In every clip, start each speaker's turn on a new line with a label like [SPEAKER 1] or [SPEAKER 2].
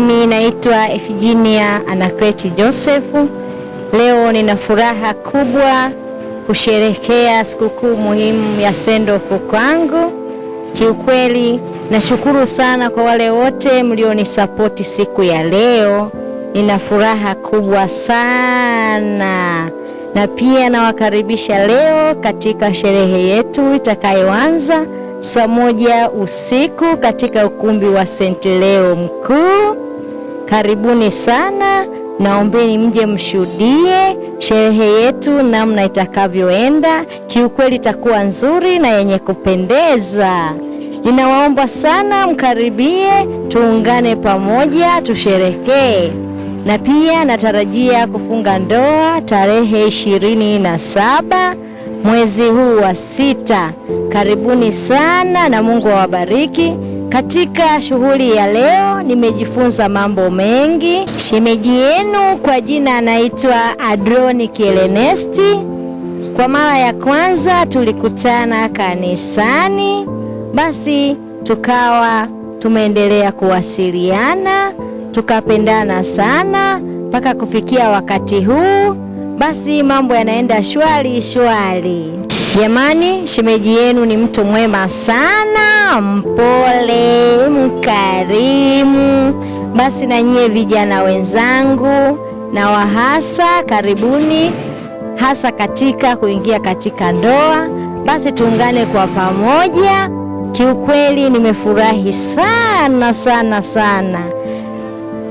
[SPEAKER 1] Mimi naitwa Efijinia Anakreti Joseph. Leo nina furaha kubwa kusherekea sikukuu muhimu ya sendofu kwangu. Kiukweli nashukuru sana kwa wale wote mlionisapoti siku ya leo, nina furaha kubwa sana na pia nawakaribisha leo katika sherehe yetu itakayoanza saa moja usiku katika ukumbi wa St. Leo Mkuu. Karibuni sana, naombeni mje mshuhudie sherehe yetu namna itakavyoenda. Kiukweli itakuwa nzuri na yenye kupendeza. Ninawaomba sana mkaribie, tuungane pamoja, tusherekee na pia natarajia kufunga ndoa tarehe ishirini na saba mwezi huu wa sita. Karibuni sana na Mungu awabariki. Katika shughuli ya leo nimejifunza mambo mengi. Shemeji yenu kwa jina anaitwa Adronic Elenesti. Kwa mara ya kwanza tulikutana kanisani, basi tukawa tumeendelea kuwasiliana, tukapendana sana mpaka kufikia wakati huu, basi mambo yanaenda shwari shwari. Jamani, shemeji yenu ni mtu mwema sana, mpole, mkarimu. Basi na nyie vijana wenzangu na wahasa, karibuni hasa katika kuingia katika ndoa. Basi tuungane kwa pamoja. Kiukweli nimefurahi sana sana sana.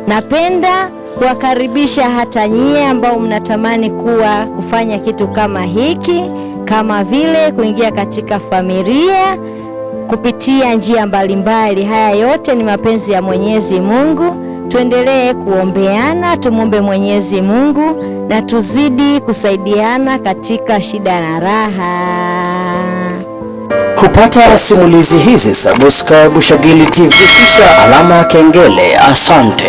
[SPEAKER 1] Napenda kuwakaribisha hata nyie ambao mnatamani kuwa kufanya kitu kama hiki kama vile kuingia katika familia kupitia njia mbalimbali. Haya yote ni mapenzi ya Mwenyezi Mungu. Tuendelee kuombeana, tumwombe Mwenyezi Mungu na tuzidi kusaidiana katika shida na raha. Kupata simulizi hizi subscribe Shagili TV kisha alama ya kengele. Asante.